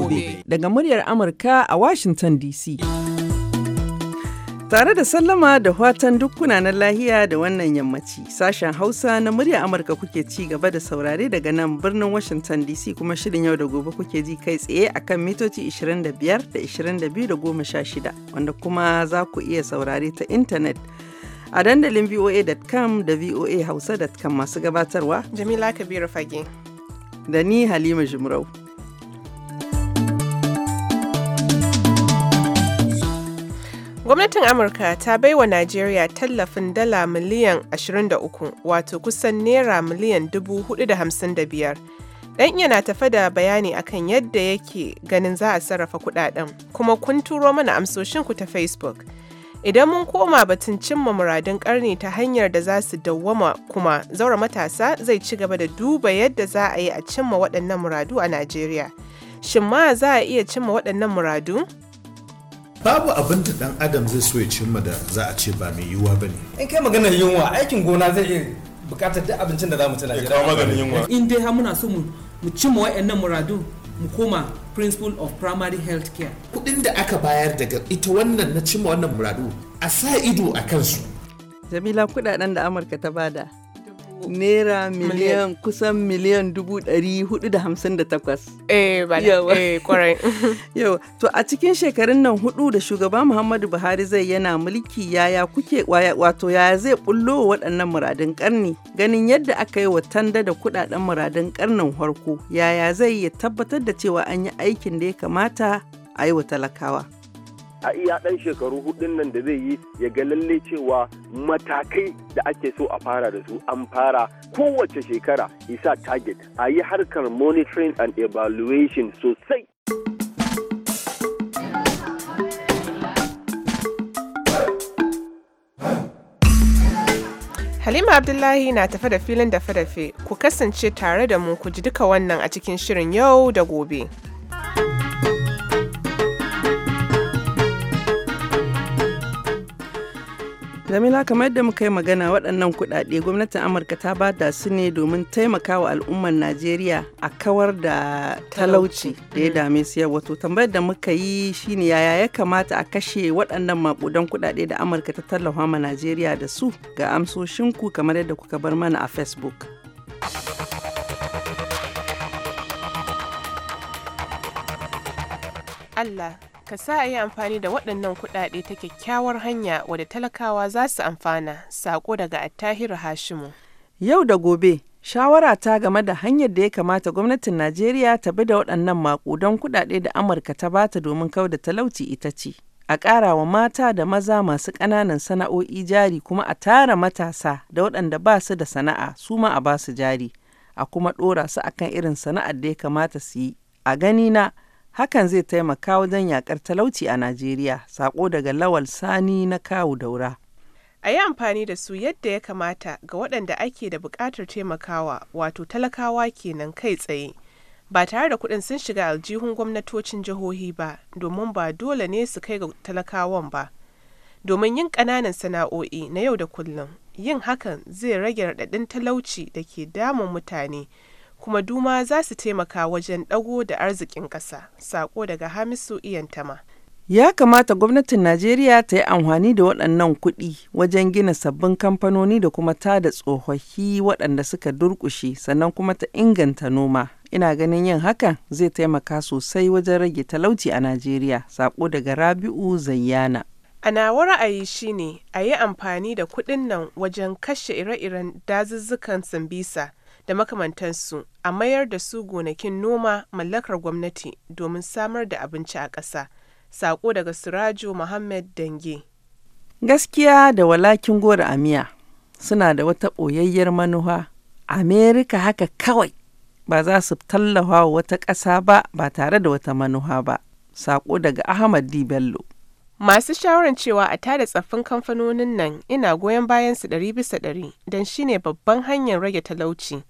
gobe. Daga muryar Amurka a Washington DC. Tare da sallama da fatan dukkuna na lahiya da wannan yammaci, sashen Hausa na muryar Amurka kuke ci gaba da saurare daga nan birnin Washington DC kuma shirin yau da gobe kuke ji kai tsaye akan mitoci 25 da 22 da 16 wanda kuma za ku iya saurare ta intanet. a dandalin voa.com da voahausa.com masu gabatarwa jamila kabiru fage da ni halima jimrau Gwamnatin Amurka ta bai wa Najeriya tallafin dala miliyan 23 wato kusan naira miliyan 455. Dan na tafa da bayani akan yadda yake ganin za a sarrafa kuɗaɗen, kuma kun turo mana amsoshinku ta Facebook. Idan mun koma batun cimma muradun karni ta hanyar da za su dawwama kuma zaura matasa zai ci gaba da duba yadda za a yi a cimma waɗannan muradu a Najeriya. Shin ma za a iya cimma waɗannan muradu? babu abin da ɗan adam zai so ya cimma da za a ce ba mai yiwuwa ba ne in kai maganar yunwa aikin gona zai iya bukatar duk abincin da za mu ci Najeriya kawo maganar yunwa in dai har muna so mu mu cimma wayannan muradu mu koma principle of primary health care kuɗin da aka bayar daga ita wannan na cimma wannan muradu a sa ido a kansu jamila kuɗaɗen da amurka ta bada naira miliyan kusan miliyan dubu ɗari hudu da hamsin da takwas. Eh, ba eh, kwarai. Yau, to a cikin shekarun nan hudu da shugaba Muhammadu Buhari zai yana mulki yaya kuke wato yaya zai bullo waɗannan muradun ƙarni ganin yadda aka yi wa tanda da kuɗaɗen muradun ƙarnin farko yaya zai ya tabbatar da cewa an yi aikin da ya kamata a yi wa talakawa. a iya ɗan shekaru hudun nan da zai yi ya ga lalle cewa matakai da ake so a fara da su an fara kowace shekara isa target a yi harkar monitoring and evaluation sosai Halima Abdullahi na tafe da filin dafe-dafe ku kasance tare da mu ku ji duka wannan a cikin shirin yau da gobe. Jamila kamar yadda muka yi magana waɗannan kuɗaɗe gwamnatin Amurka ta ba da su ne domin taimakawa al'ummar Najeriya a kawar da talauci da ya mm. dame su yau wato tambayar da muka yi shine yaya ya kamata a kashe waɗannan maƙudan kuɗaɗe da Amurka ta tallafa ma Najeriya da su ga amsoshin ku kamar yadda kuka bar mana a Facebook. Allah ka sa a yi amfani da waɗannan kuɗaɗe ta kyakkyawar hanya wadda talakawa za su amfana sako daga attahiru hashimu yau da gobe shawara ta game da hanyar da ya kamata gwamnatin najeriya ta bi da waɗannan maƙudan kuɗaɗe da amurka ta bata domin da talauci ita ce a ƙara wa mata da maza masu ƙananan sana'o'i jari kuma a tara matasa da waɗanda ba su da sana'a su ma a ba su jari a kuma ɗora su akan irin sana'ar da ya kamata su yi a gani na Hakan zai taimaka wajen yakar talauci a Najeriya, sako daga Lawal Sani na kawu daura. A yi amfani da su yadda ya kamata ga waɗanda ake da buƙatar taimakawa, wato talakawa kenan kai tsaye. Ba tare da kuɗin sun shiga aljihun gwamnatocin jihohi ba, domin ba dole ne su kai ga talakawan ba. Domin yin ƙananan sana'o'i na yau da kullum, yin hakan zai rage raɗaɗin talauci da ke damun mutane. kuma duma za su taimaka wajen ɗago da arzikin ƙasa. Sako daga Hamisu Iyantama. Ya kamata gwamnatin Najeriya ta yi amfani da waɗannan kuɗi wajen gina sabbin kamfanoni da kuma ta da tsohohi waɗanda suka durƙushe sannan kuma ta inganta noma. Ina ganin yin hakan zai taimaka sosai wajen rage talauci a Najeriya. Sako daga Rabi'u Zayyana. A nawa ra'ayi shine a yi amfani da kuɗin nan wajen kashe ire-iren dazuzzukan Simbisa da makamantansu a mayar da su gonakin noma mallakar gwamnati domin samar da abinci a ƙasa. Sako daga Sirajo Muhammad Dange. Gaskiya da walakin goro a miya suna da wata ɓoyayyar manuwa. Amerika haka kawai ba za su tallafa wata ƙasa ba ba tare da wata manuwa ba. Sako daga Ahmad Di Bello. Masu shawarar cewa a tada tsaffin kamfanonin nan ina goyon bayan su ɗari bisa ɗari don shine babban hanyar rage talauci.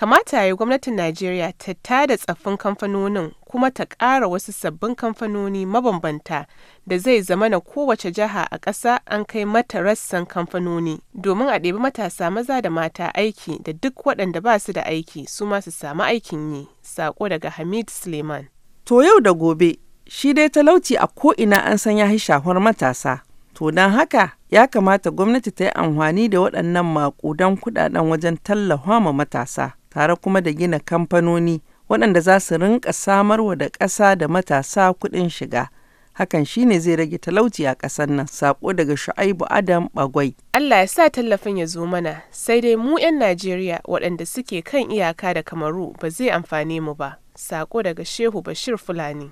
Kamata ya yi gwamnatin Najeriya ta tada tsaffin kamfanonin kuma ta ƙara wasu sabbin kamfanoni mabambanta da zai zama na kowace jiha a ƙasa an kai mata rassan kamfanoni, domin a ɗebi matasa maza da mata aiki da duk waɗanda ba su da aiki su ma su samu aikin yi. Saƙo daga Hamid Suleiman. To yau da gobe, shi dai talauci a ko'ina an san ya shahwar matasa. To don haka ya kamata gwamnati ta yi amfani da waɗannan maƙudan kuɗaɗen wajen tallafa ma matasa. tare kuma da gina kamfanoni waɗanda za su rinƙa samarwa da ƙasa da matasa kuɗin shiga. hakan shine zai rage talauci a ƙasar nan saƙo daga shu'aibu adam bagwai allah ya sa tallafin ya zo mana sai dai mu 'yan najeriya waɗanda suke kan iyaka da kamaru ba zai amfane mu ba saƙo daga shehu bashir fulani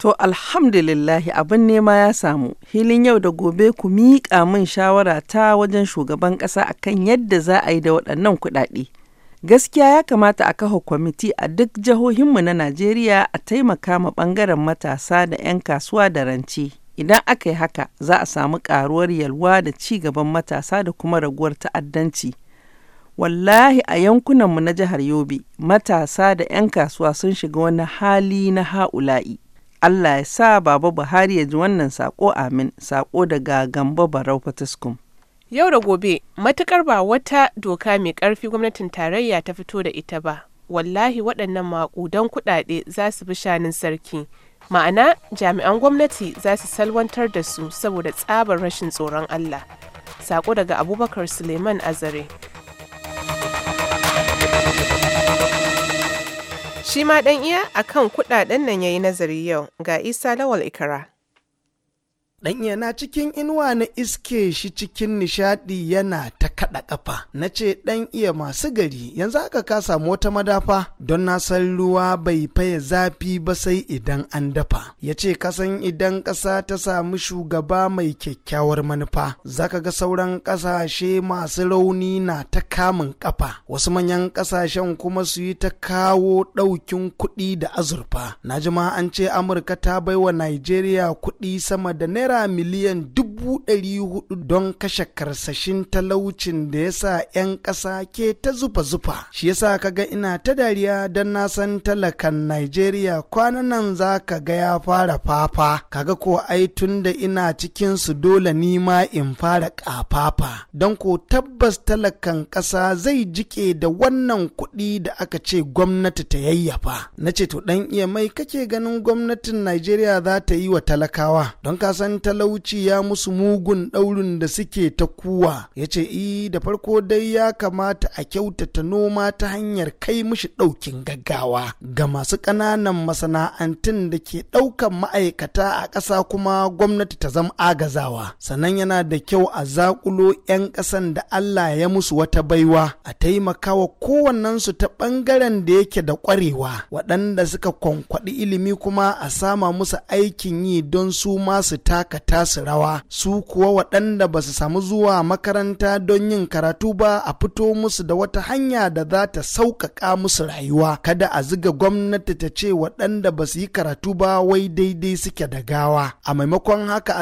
to alhamdulillahi abin nema ya samu hilin yau da gobe ku miƙa min shawara ta wajen shugaban ƙasa akan yadda za a yi da waɗannan kuɗaɗe gaskiya ya kamata a kafa kwamiti a duk jihohinmu na Najeriya a taimaka ma bangaren matasa da 'yan kasuwa da rance. Idan aka yi haka za a samu karuwar yalwa da ci gaban matasa da kuma raguwar ta'addanci. Wallahi a yankunanmu na jihar Yobe matasa da 'yan kasuwa sun shiga wani hali na ha'ula'i. Allah ya sa Baba Buhari ya ji wannan sako amin, sako daga Gambo Barau Fataskum. Yau da gobe, matukar ba wata doka mai ƙarfi gwamnatin tarayya ta fito da ita ba, wallahi waɗannan maƙudan kuɗaɗe za su bi shanin sarki. Ma'ana jami'an gwamnati za su salwantar da su saboda tsabar rashin tsoron Allah. saƙo daga Abubakar Suleiman Azare. Shi ma ɗan iya akan kuɗaɗen nan yayi yi nazari yau ga Isa Lawal Ikara. Ɗan yana cikin inuwa na iske shi cikin nishadi yana ta kaɗa ƙafa na ce ɗan iya masu gari yanzu aka ka samu wata madafa don na san ruwa bai faye zafi ba sai idan an dafa ya ce kasan idan ƙasa ta samu shugaba mai kyakkyawar manufa zaka ga sauran ƙasashe masu rauni na ta kamun ƙafa wasu manyan ƙasashen kuma su yi ta kawo ɗaukin kuɗi da azurfa na ma an ce amurka ta baiwa Najeriya kuɗi sama da naira million dubu ɗari hudu don kashe karsashin talaucin da ya sa 'yan ƙasa ke ta zufa-zufa. Shi yasa kaga ina ta dariya don na san talakan Najeriya kwanan nan za ka ga ya fara fafa, kaga ko ai tun da ina cikin su dole ni ma in fara ƙafafa. Don ko tabbas talakan ƙasa zai jike da wannan kuɗi da aka ce gwamnati ta yayyafa. Na ce to ɗan iya mai kake ganin gwamnatin Najeriya za ta yi wa talakawa, don ka san talauci ya musu mugun ɗaurin da suke ta kuwa ya ce i da farko dai ya kamata a kyautata noma ta hanyar kai mishi ɗaukin gaggawa ga masu ƙananan masana'antun da ke ɗaukan ma'aikata a ƙasa kuma gwamnati ta zama agazawa sannan yana da kyau a zakulo 'yan ƙasan da Allah ya musu wata baiwa a taimakawa kowannensu ta ɓangaren da yake da ƙwarewa waɗanda suka kwankwaɗi ilimi kuma a sama musu aikin yi don su masu taka tasu rawa su kuwa waɗanda ba su samu zuwa makaranta don yin karatu ba a fito musu da wata hanya da za ta sauƙaƙa musu rayuwa kada a ziga gwamnati ta ce waɗanda ba su yi karatu ba wai daidai suke da gawa a maimakon haka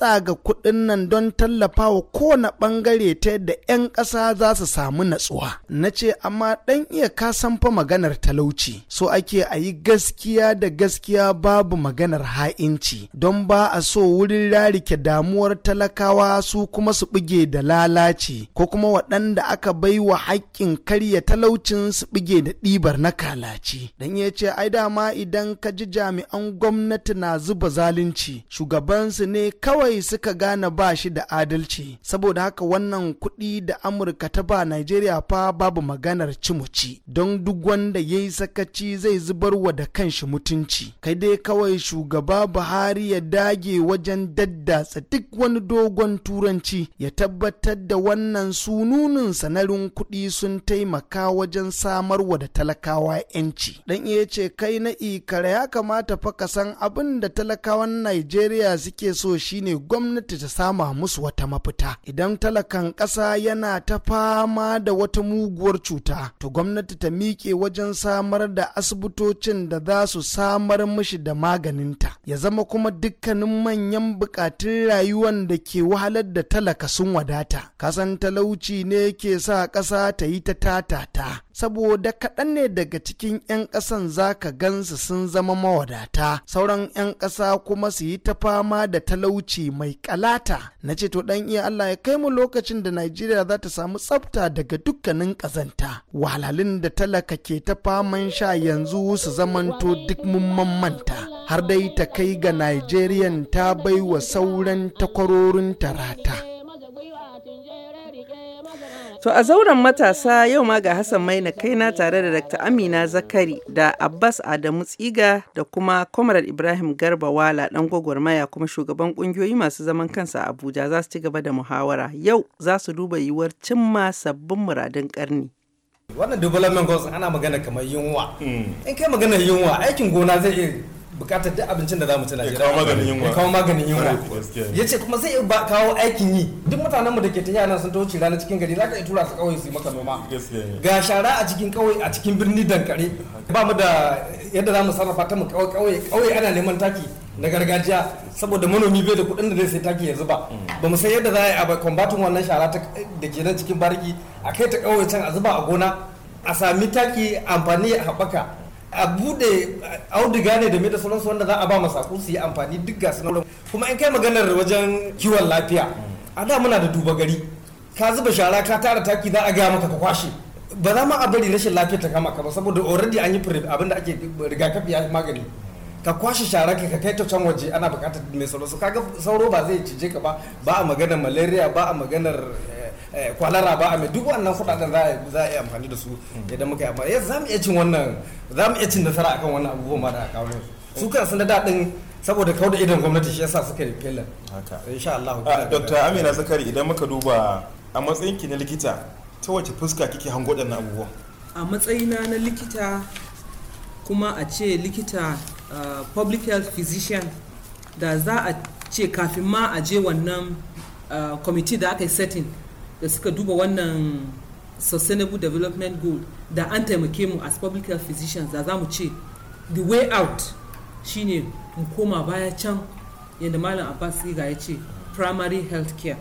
a ga kuɗin nan don tallafawa kowane ɓangare ta yadda 'yan ƙasa za su samu natsuwa na ce amma ɗan iya kasan fa maganar talauci so ake a yi gaskiya da gaskiya babu maganar ha'inci don ba a so wurin rarike damu damuwar talakawa su kuma su buge da lalaci ko kuma waɗanda aka bai wa haƙƙin karya talaucin su buge da ɗibar na kalaci dan ya ce ai dama idan ka ji jami'an gwamnati na zuba zalunci shugabansu ne kawai suka gane ba shi da adalci saboda haka wannan kuɗi da amurka ta ba nigeria fa babu maganar cimuci don duk wanda ya yi sakaci zai zubar wa da kanshi mutunci kai dai kawai shugaba buhari ya dage wajen daddatsa duk duk wani dogon turanci ya tabbatar da wannan sununin sanarin kuɗi sun taimaka wajen samarwa da talakawa 'yanci. Dan iya ce kai na ikara ya kamata fa ka san abin da talakawan Najeriya suke so shine gwamnati ta sama musu wata mafita. Idan talakan ƙasa yana ta fama da wata muguwar cuta, to gwamnati ta miƙe wajen samar da asibitocin da za su samar mishi da maganinta. Ya zama kuma dukkanin manyan buƙatun rayuwa Wanda da ke wahalar da talaka sun wadata kasan talauci ne ke sa ƙasa ta yi ta tatata saboda kaɗan ne daga cikin 'yan ƙasan za ka gansu sun zama mawadata sauran 'yan ƙasa kuma su yi ta fama da talauci mai ƙalata na ce to ɗan iya Allah ya kai mu lokacin da Najeriya za ta samu tsafta daga dukkanin ƙazanta wahalhalun da talaka ke ta faman sha yanzu su zamanto duk mun manta har dai ta kai ga nigerian ta bai wa sauran takwarorin tarata To a zauren matasa yau ma ga Hassan Maina kaina tare da Dr. Amina Zakari da Abbas Adamu Tsiga da kuma Comrade Ibrahim Garba Wala dan gwagwarmaya kuma shugaban kungiyoyi masu zaman kansa a Abuja za su ci gaba da muhawara. Yau za su duba yiwuwar cimma sabbin muradun karni. Wannan development goals ana magana kamar yunwa. Mm. In kai magana yunwa aikin gona zai iya bukatar duk abincin da za mu ci Najeriya. Ya kawo maganin yunwa. Ya Ya ce kuma zai ba kawo aikin yi. Duk mutanen mu da ke tafiya nan sun ta wuce rana cikin gari za ka iya tura su kawai su yi maka noma. Ga shara a cikin kawai a cikin birni dankare. Ba mu da yadda za mu sarrafa ta mu kauye kawai ana neman taki na gargajiya saboda manomi bai da kuɗin da zai sai taki yanzu ba mm. ba mu san yadda za a yi a kwambatin wannan shara da ke nan cikin bariki a kai ta kawai can a zuba a gona a sami taki amfani a haɓaka a bude auduga ne da da sauransu wanda za a ba masu su yi amfani duk gasu na kuma in kai maganar wajen kiwon lafiya a da muna da duba gari ka zuba shara ka tara taki za a gaya maka ka kwashe ba za ma a bari rashin lafiya ta kama ka ba saboda already an yi abinda ake rigakafi ya magani ka kwashe shara ka kai ta can waje ana bukatar mai sauransu ka kaga sauro ba zai cije ka ba ba a maganar malaria ba a maganar Eh, kwalara ba a mai duk wannan kudaden za a yi amfani da su idan muka yi amfani yanzu za mu iya cin wannan za mu iya cin nasara akan wannan abubuwan ma da aka kawo su eh. kan sun da daɗin saboda kawo da idan gwamnati shi yasa suka yi fela insha Allah ah, Dr. Amina Zakari idan muka duba a matsayin ki na likita ta wace fuska kike hango waɗannan abubuwan a matsayina na likita kuma a ce likita public health physician da za a ce kafin ma a je wannan committee da aka yi setting da suka duba wannan sustainable development goal da an taimake mu as public health physicians da za mu ce the way out shine mu koma baya can yadda malam abbas ga ya ce primary health care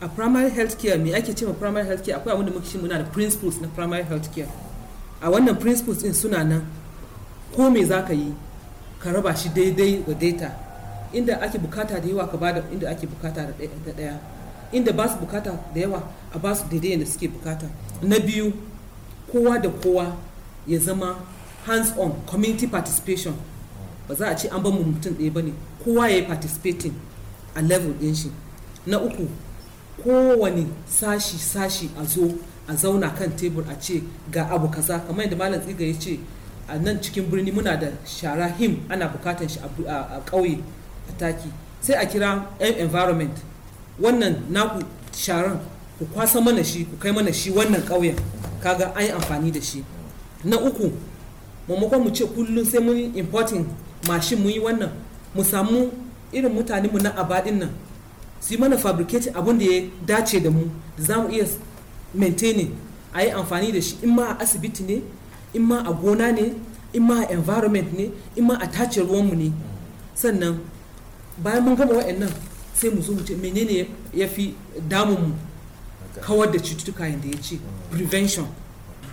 a primary health care me ake ce ma primary health care akwai abinda muke muna da principles na primary health care a wannan principles din suna nan ko me za ka yi ka raba shi daidai wa data inda ake bukata da yawa ka bada inda ake bukata da daya inda ba su bukata da yawa a ba su daidai da suke bukata na biyu kowa da kowa ya zama hands on community participation ba za a ce an ba mu mutum ɗaya ba ne kowa ya yi participating a level ɗin shi na uku kowane sashi sashi a zo a zauna kan tebur a ce ga abu kaza kamar yadda malam tsiga ya ce a nan cikin birni muna da shara him ana bukatan shi a ƙauye a taki sai a kira environment wannan naku sharan ku kwasa mana shi ku kai mana shi wannan ƙauyen kaga an yi amfani da shi na uku maimakon mu ce kullum sai mun importing mashin mu yi wannan mu samu irin mutane mu na abadin nan su mana fabricating abin da ya dace da mu za mu iya maintaining a yi amfani da shi in ma a asibiti ne in ma a gona ne in ma a environment ne in ma a tace ruwanmu ne sannan bayan mun gama wa'annan sai mu zo mu ce menene ya fi damun mu kawar da cututtuka yadda ya ce mm. prevention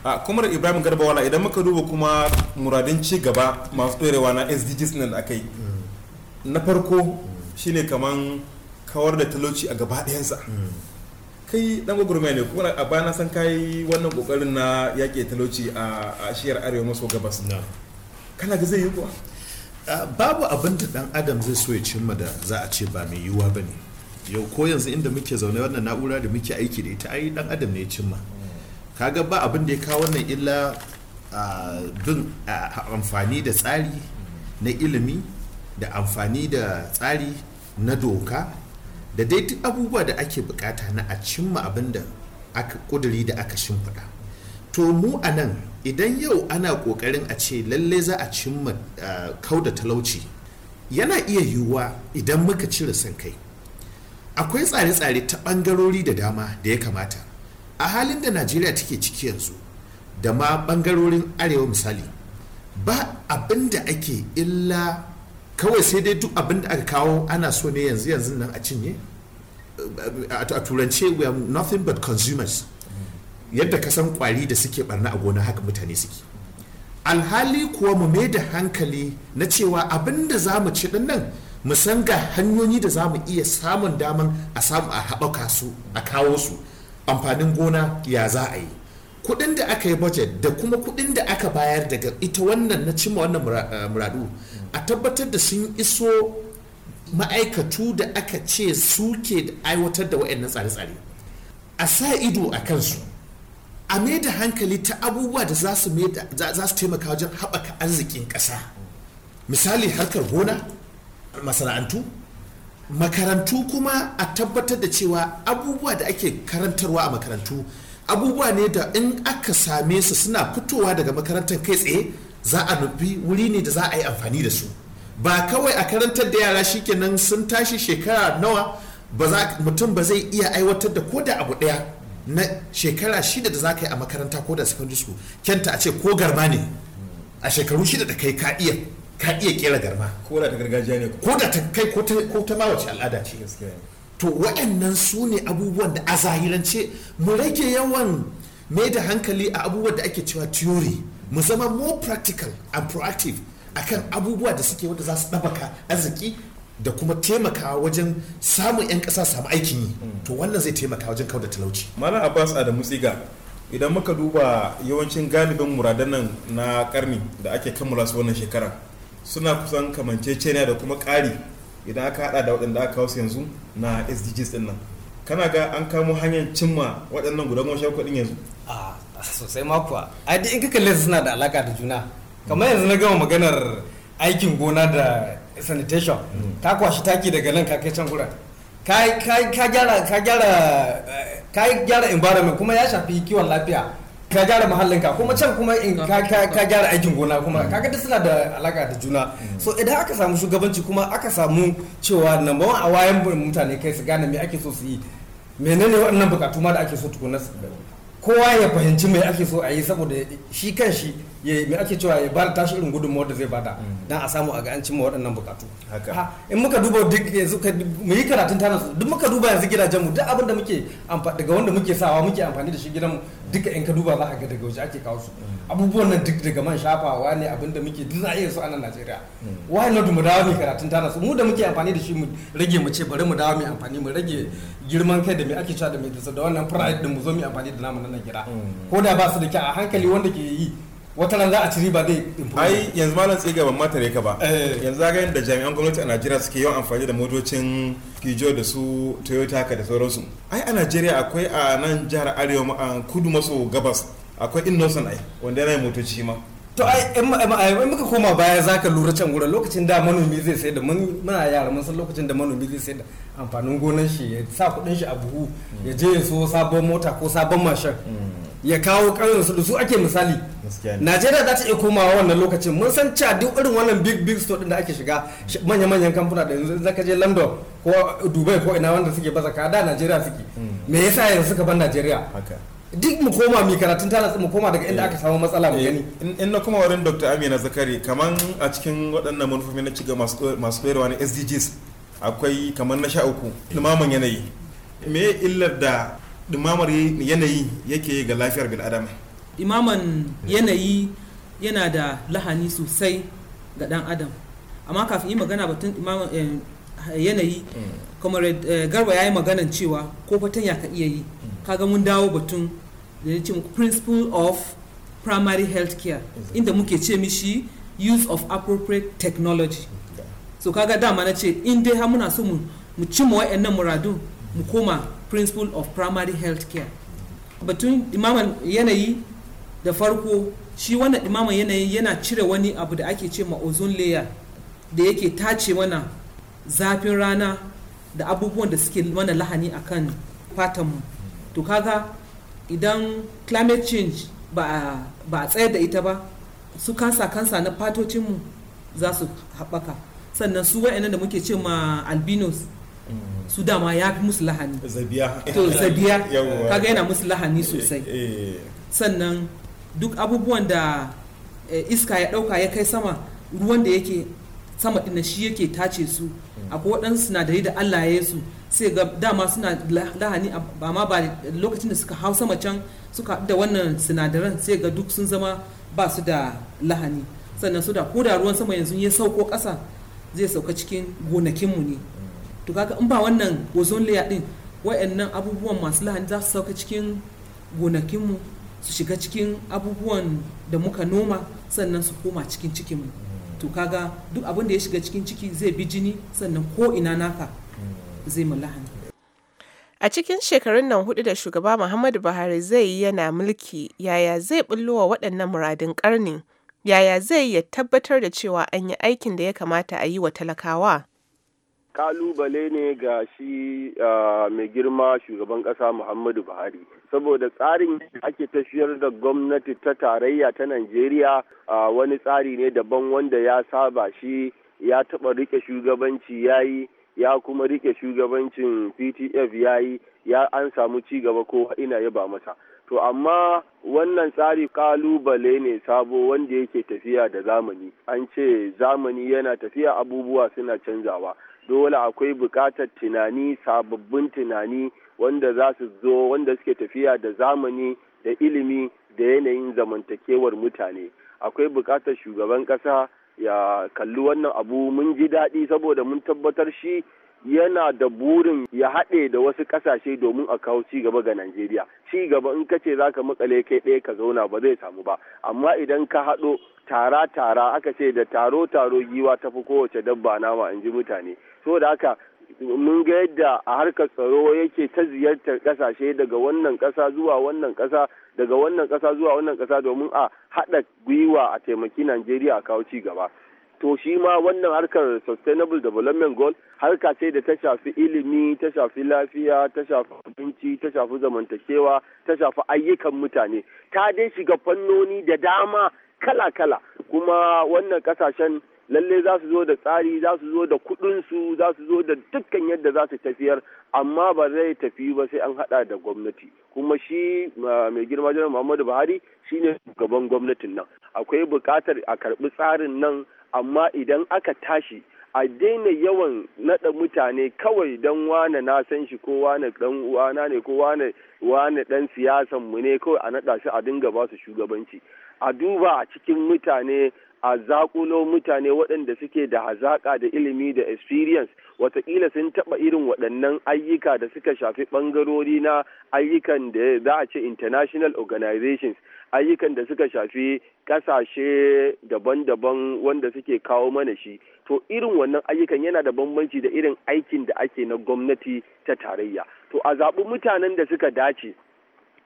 a da ibrahim garba wala idan muka duba kuma muradin ci gaba masu ɗorewa na sdgs nan da aka yi mm. na farko mm. shine kaman kawar da talauci a gaba ɗayansa kai dan gwagwarmai ne kuma a bana san kai wannan kokarin na yaƙi talauci a shiyar arewa maso gabas kana ga zai yi kuwa Ah, babu abin da dan adam zai so ya cimma da za a ce ba mai yiwuwa ba ne yau ko yanzu inda muke zaune wannan na'ura da muke aiki da ita ai dan adam ne ya cimma kaga ba abin da ya kawo wannan illa ah, bin ah, amfani da tsari na ilimi da amfani da tsari na doka da dai duk abubuwa da ake bukata na a cimma abin da aka kuduri da aka shimfiɗa to mu a nan idan yau ana kokarin a ce lalle za a cimma kau da talauci yana iya yiwuwa idan muka cire son kai akwai tsare-tsare ta ɓangarori da dama da ya kamata a halin da najeriya take ciki yanzu da ma bangarorin arewa misali ba abin da ake illa kawai sai dai duk abin da aka kawo ana so ne yanzu yanzu nan a cinye a turance we are nothing but consumers yadda ka san kwari da suke barna a gona haka mutane suke alhali kuwa mu mai da hankali na cewa abin da za mu ci nan mu san ga hanyoyi da za mu iya samun daman a samu a haɓaka su a kawo su amfanin gona ya za a yi kuɗin da aka yi budget da kuma kuɗin da aka bayar daga ita wannan na cimma wannan eh, muradu a tabbatar da sun iso ma'aikatu da aka ce suke aiwatar da waɗannan tsare-tsare a sa ido a kansu a mai da hankali ta abubuwa da za su taimaka wajen haɓaka arzikin ƙasa misali harkar gona masana'antu makarantu kuma a tabbatar da cewa abubuwa da ake karantarwa a makarantu abubuwa ne da in aka same su suna fitowa daga makarantar kai tsaye za a nufi wuri ne da za a yi amfani da su ba kawai a karantar da yara shikenan sun tashi shekara nawa mutum ba zai iya aiwatar da ko da abu ɗaya na shekara shida da za ka yi a makaranta ko da secondary school kyanta a ce ko garba ne a shekaru shida da kai ka iya kera garma ko da ta gargajiya ne ko da ta kai ko ta ma wace al'ada ce to waɗannan su ne abubuwan da a zahirance mu rage yawan mai da hankali a abubuwan da ake cewa theory mu zama more practical and proactive akan abubuwa da suke wanda za su ɗabaka arziki da kuma taimaka wajen samun 'yan ƙasa samu aikin yi hmm. to wannan zai taimaka wajen kawo da talauci malam abbas adamu tsiga idan muka duba yawancin galibin muradan nan na karni da ake kammala su wannan shekara suna kusan cene da kuma kari idan aka hada da waɗanda aka kawo yanzu na sdgs din nan kana ga an kamo hanyar cimma waɗannan gudan goma sha yanzu a sosai makuwa ai duk in suna da alaka da juna kamar yanzu na gama maganar aikin gona da sanitation ka kwashi taki daga nan ka kai can gura ka gyara environment kuma ya shafi kiwon lafiya ka gyara muhallinka kuma can kuma ka gyara aikin gona kuma mm. kaga duk suna da alaka da juna mm. so idan aka samu shugabanci kuma aka samu cewa number one a wayan mutane kai su gane me ake so su yi menene waɗannan bukatu ma da ake so su kowa ya fahimci me ake so a yi saboda shi kan shi ya me ake cewa ya bada tashi irin gudunmawar da zai bada hmm. don a samu a ga an cimma waɗannan bukatu in muka duba duk yanzu mu yi karatun tana duk muka duba yanzu gidajen mu duk abin da muke daga wanda muke sawa muke amfani da shi gidan mu duka in ka duba za a ga daga waje ake kawo su hmm. abubuwan nan duk daga man shafawa ne abin da muke duk za a iya su a nan Najeriya hmm. why not mu dawo mai karatun tana su mu da muke amfani da shi mu rage mu ce bari mu dawo mai amfani mu rage girman kai da me ake cewa da me da wannan pride din mu zo mu amfani da namu nan gida ko da ba su da kyau a hankali wanda ke yi wata nan za a ci riba zai ai yanzu malam tsiga ban mata ne ka ba eh. yanzu ga yadda jami'an gwamnati a Najeriya suke yawan amfani da motocin Kijo da su Toyota ka da sauransu ai a Najeriya akwai a nan jihar Arewa a kudu maso gabas akwai Innocent ai wanda yana motoci ma to ai in muka koma baya zaka lura can wurin lokacin da manomi zai sai da muna yara mun san lokacin da manomi zai sai da amfanin gonan shi ya sa kudin shi a buhu ya je ya so sabon mota ko sabon mashin mm. ya kawo ƙauyensu da su ake misali najeriya za ta iya komawa wannan lokacin mun san cewa duk irin wannan big big store din da ake shiga manya-manyan kamfuna da yanzu zaka je london ko dubai ko ina wanda suke baza kada najeriya suke hmm. me yasa yanzu suka ban najeriya duk mu koma mi karatun tana mu koma daga inda eh. aka samu matsala mu eh, gani in na kuma wurin dr amina zakari kaman a cikin waɗannan manufofi na cigaba masu koyarwa na sdgs akwai kaman na sha uku limamin eh. yanayi me illar da dumamar yanayi yake ga lafiyar bil'adama imaman yanayi yana da lahani sosai ga dan adam amma kafin yi magana batun imaman eh, yanayi kamar mm. eh, garba ya yi maganan cewa ko fatan ya ka iya yi mm. kaga mun dawo batun da ya ce principle of primary health care inda muke ce mishi use of appropriate technology so kaga dama na ce in dai har muna so mu cimma wa'annan muradun mu koma principle of primary health care batun imaman yanayi da farko shi wannan imaman yanayi yana cire wani abu da ake ce ma ozone layer da yake tace mana zafin rana da abubuwan da suke mana lahani a kan fatanmu to kaga idan climate change ba a tsayar da ita ba su kansa kansa na fatocinmu za su haɓaka sannan su wa'annan da muke ce ma albinos mm. su dama ya fi musu lahani to zabiya kaga yana musu lahani sosai eh, eh. sannan duk abubuwan da eh, iska ya dauka ya kai sama ruwan da yake sama dina shi yake tace su hmm. akwai waɗansu sinadari da Allah ya su sai ga dama suna lahani ba ma ba lokacin da suka hau sama can suka da wannan sinadaran sai ga duk sun zama ba su da lahani sannan su da ko da ruwan sama yanzu ya sauko ƙasa zai sauka cikin gonakinmu ne to kaga in ba wannan ozone layer din wayannan abubuwan masu lahani za su sauka cikin gonakinmu su shiga cikin abubuwan da muka noma sannan su koma cikin cikinmu to kaga duk abin da ya shiga cikin ciki zai bi jini sannan ko ina naka zai mu lahani a cikin shekarun nan hudu da shugaba muhammadu buhari zai yi yana mulki yaya zai bullowa waɗannan muradin karni yaya zai ya tabbatar da cewa an yi aikin da ya kamata a yi wa talakawa kalubale ne ga shi mai girma shugaban kasa muhammadu buhari saboda tsarin ake tafiyar da gwamnati ta tarayya ta najeriya wani tsari ne daban wanda ya saba shi ya taba rike shugabanci ya yi ya kuma rike shugabancin ptf ya yi ya an samu cigaba ko ina ba masa to amma wannan tsari kalubale ne sabo wanda yake tafiya da zamani an ce zamani yana tafiya abubuwa suna canzawa dole akwai bukatar tunani sababbin tunani wanda za su zo wanda suke tafiya da zamani da ilimi da yanayin zamantakewar mutane akwai bukatar shugaban ƙasa ya kalli wannan abu mun ji daɗi saboda mun tabbatar shi yana da burin ya haɗe da wasu ƙasashe domin a kawo ci gaba ga Najeriya. Ci gaba in ka ce za makale kai ɗaya ka zauna ba zai samu ba, amma idan ka haɗo tara-tara aka ce da taro-taro giwa ta fi kowace dabba nama in ji mutane. da haka mun ga yadda a harkar tsaro yake ta ziyartar kasashe daga wannan kasa zuwa wannan kasa daga wannan ƙasa zuwa wannan ƙasa domin a haɗa gwiwa a taimaki Najeriya a kawo ci gaba. to shi ma wannan harkar sustainable development goal harka ce da ta shafi ilimi ta shafi lafiya ta shafi abinci ta shafi zamantakewa ta shafi ayyukan mutane ta dai shiga fannoni da dama kala-kala kuma wannan kasashen lalle za su zo da tsari za su zo da kudinsu za su zo da dukkan yadda za su tafiyar amma ba zai tafi ba sai an hada da gwamnati kuma shi mai girma jiran muhammadu buhari shine shugaban gwamnatin nan akwai bukatar a karbi tsarin nan amma idan aka tashi a daina yawan naɗa mutane kawai don wane na san shi ko wane dan uwana ne ko wane dan siyasan mu ne kawai a naɗa shi a dinga ba su shugabanci a duba a cikin mutane a zakulo mutane waɗanda suke da hazaƙa da ilimi da experience watakila sun taɓa irin waɗannan ayyuka da suka shafi ɓangarori na ayyukan da za a ce international organizations ayyukan da suka shafi kasashe daban-daban wanda suke kawo mana shi to irin wannan ayyukan yana da bambanci da irin aikin da ake na gwamnati ta tarayya to a zaɓi mutanen da suka dace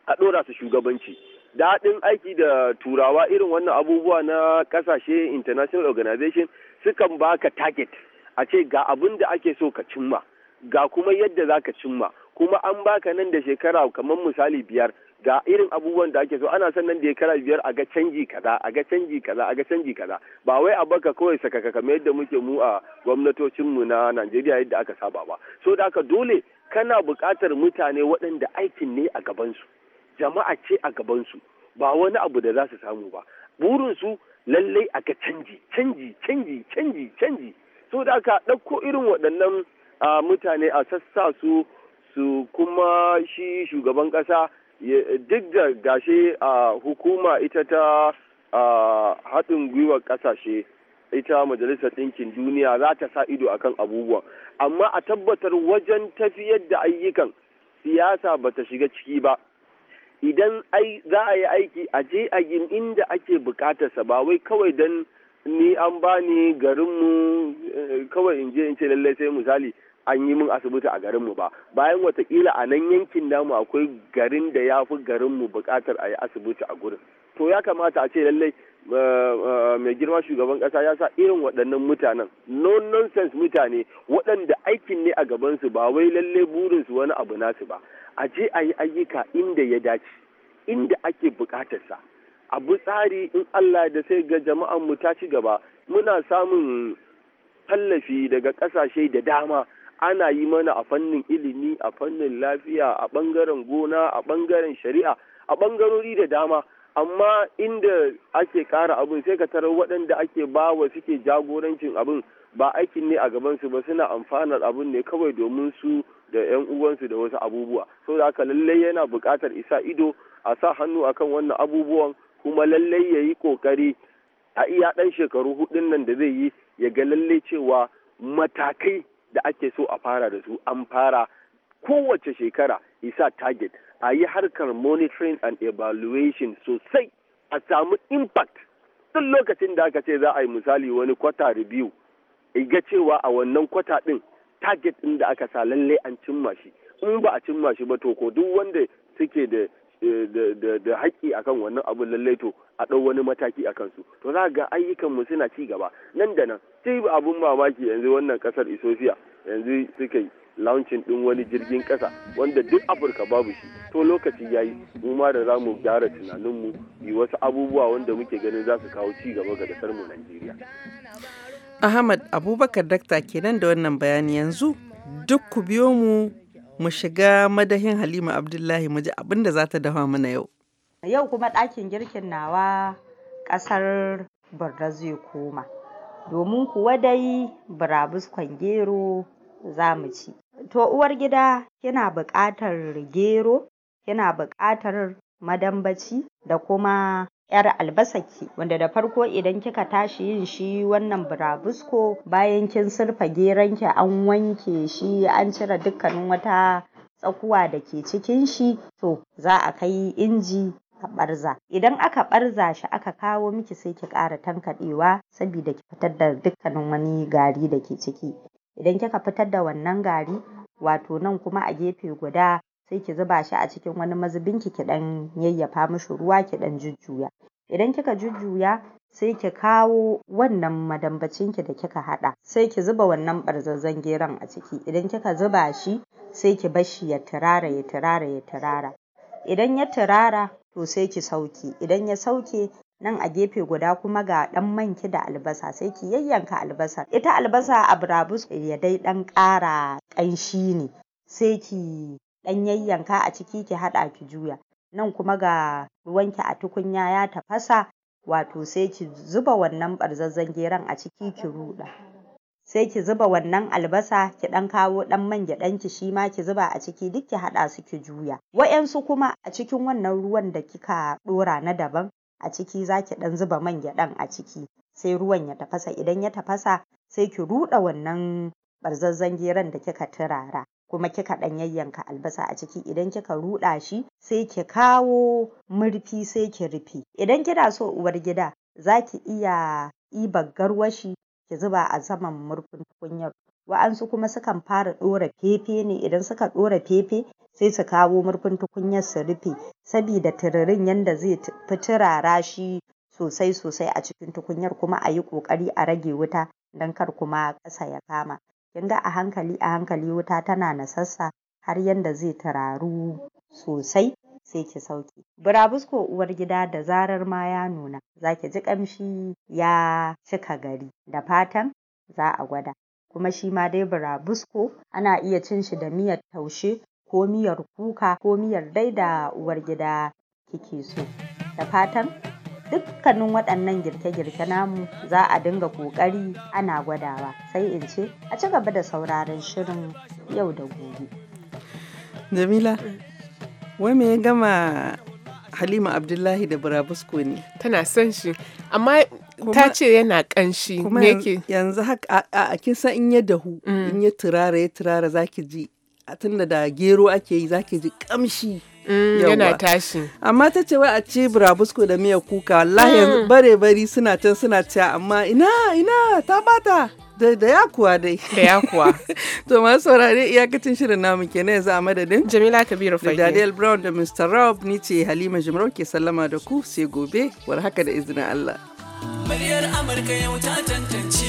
a ɗora su shugabanci daɗin aiki da turawa irin wannan abubuwa na ƙasashe international organization sukan baka target a ce ga abin da ake so ka cimma ga kuma yadda za ka cimma kuma an baka nan da shekara kamar misali biyar ga irin abubuwan da ake so ana son nan da ya kara biyar a ga canji kaza a ga canji kaza a ga canji kaza ba wai a baka kawai sakaka kamar yadda muke mu a gwamnatocinmu na Najeriya yadda aka saba ba so da haka dole kana buƙatar mutane waɗanda aikin ne a gabansu jama'a ce a gabansu ba wani abu da za su samu ba burin su lallai a ga canji canji canji canji canji so da aka ɗauko irin waɗannan ah, mutane a sassa su su kuma shi shugaban ƙasa duk da gashi a hukuma ita ta haɗin gwiwar ƙasashe ita majalisar ɗinkin duniya za ta sa ido akan abubuwan amma a tabbatar wajen tafiyar da ayyukan siyasa ba ta shiga ciki ba idan za a yi aiki a je a yin inda ake bukatarsa ba wai kawai don ni an bani garinmu eh, kawai in je in ce lallai sai misali an yi min asibiti a garin mu ba bayan watakila a nan yankin namu akwai garin da ya fi mu buƙatar a yi asibiti a gurin to ya kamata a ce lallai eh, eh, mai girma shugaban ƙasa ya sa irin waɗannan mutanen no nonsense mutane waɗanda aikin ne a gaban su ba wai lallai su wani abu nasu ba a je a yi ayyuka inda ya dace inda ake buƙatarsa abu tsari in Allah da sai ga jama'an mu ta ci gaba muna samun tallafi daga ƙasashe da dama ana yi mana a fannin ilimi a fannin lafiya a ɓangaren gona a ɓangaren shari'a a ɓangarori da dama amma inda ake kara abin sai ka tarar waɗanda ake bawa suke jagorancin abin ba aikin ne a gabansu ba suna amfanar abin ne kawai domin su da 'yan uwansu da wasu abubuwa da aka lallai yana buƙatar isa ido a sa hannu akan wannan abubuwan kuma lallai ya yi ƙoƙari a iya ɗan shekaru hudun nan da zai yi ya ga lallai cewa matakai da ake so a fara da su an fara kowace shekara isa target a yi harkar monitoring and evaluation sosai a samu impact tun lokacin da aka ce za a yi misali wani kwata review ga cewa a wannan kwata din target din da aka sa lallai an cimma shi in ba a cimma shi ba to ko duk wanda suke da da haƙƙi akan wannan abun lallai to a ɗau wani mataki a kansu to za ga ayyukanmu suna ci gaba nan da nan sai abin mamaki yanzu wannan ƙasar Ethiopia yanzu suka yi launching ɗin wani jirgin ƙasa wanda duk Afirka babu shi to lokaci yayi mu ma da za mu gyara tunaninmu yi wasu abubuwa wanda muke ganin za su kawo ci gaba ga ƙasar mu Najeriya Ahmad Abubakar Dakta kenan da wannan bayani yanzu duk ku biyo mu mu shiga madahin Halima Abdullahi mu ji abin da za ta dafa mana yau. Yau kuma ɗakin girkin nawa ƙasar Borno zai koma. Domin kuwa dai burabuskon gero za mu ci. To uwar gida yana buƙatar gero, yana buƙatar madambaci da kuma 'yar albasa ke wanda da farko idan kika tashi yin shi wannan burabusko bayan kin surfa ki an wanke shi an cire dukkanin wata tsakuwa da ke cikin shi to za a kai inji a barza. Idan aka barza shi aka kawo miki sai ki ƙara tankaɗewa sabida ki fitar da dukkanin wani gari da ke ciki. Idan kika fitar da wannan gari wato nan kuma a gefe guda sai ki zuba shi a cikin wani mazubin ki ki ɗan yayyafa mishi ruwa ki ɗan jujjuya. Idan kika jujjuya sai ki kawo wannan madambacin ki da kika haɗa sai ki zuba wannan barzazzan geron a ciki. Idan kika zuba shi sai ki bar shi ya turara ya turara ya turara. Idan ya turara to sai ki sauke. Idan ya sauke nan a gefe guda kuma ga ɗan man ki da albasa sai ki yayyanka albasar. Ita albasa a burabus ya dai ɗan ƙara ƙanshi ne sai ki ɗan yayyanka a ciki ki haɗa ki juya nan kuma ga ruwanki a tukunya ya tafasa wato sai ki zuba wannan ɓarzazzan geron a ciki ki ruɗa sai ki zuba wannan albasa ki ɗan kawo ɗan mangyaɗan ki shima ki zuba a ciki duk ki haɗa su ki juya wa'yansu kuma a cikin wannan ruwan da kika ɗora na daban a ciki zaki ɗan zuba man a ciki sai ruwan ya tafasa idan ya tafasa sai ki ruɗa wannan ɓarzazzan geron da kika turara kuma kika ɗan yayyanka albasa a ciki idan kika ruɗa shi sai ki kawo murfi sai ki rufe idan kina so uwar gida za ki iya ɗiban garwashi ki zuba a saman murfin tukunyar wa'ansu kuma sukan fara ɗora fefe ne idan suka ɗora fefe sai su kawo murfin tukunyar su rufe sabida tururin yanda zai fi turara shi sosai sosai a cikin tukunyar kuma a yi ƙoƙari a rage wuta don kar kuma ƙasa ya kama Kin ga a hankali a hankali wuta tana nasassa har yanda zai turaru sosai sai ki sauke. Burabusko uwargida da zarar ma ya nuna za ki ji ƙamshi ya cika gari. Da fatan za a gwada. Kuma shi ma dai burabusko ana iya cin shi da miyar taushe ko miyar kuka ko miyar dai da uwargida kike so. Da fatan. dukkanin waɗannan girke-girke namu za a dinga ƙoƙari ana gwadawa sai in ce a ci gaba da sauraron shirin yau da gobe. jamila wai me ya gama halima abdullahi da burabusko ne tana son shi amma ta ce yana kanshi kuma yanzu haka a kin san in ya dahu mm. in ya turara ya turara zaki ji tunda da gero ake yi zaki ji kamshi Mm, yana tashi amma ta ce wai a ci burabusko da miyar kuka wallahi mm. bare bari suna can suna cewa amma ina ina ta bata da ya kuwa dai da ya kuwa to masu saurare iyakacin shirin namu na yanzu a madadin jamila kabiru fage da daniel brown da mr rob ni ce halima jimarau ke sallama da ku sai gobe war haka da izinin allah muryar amurka yau ta tantance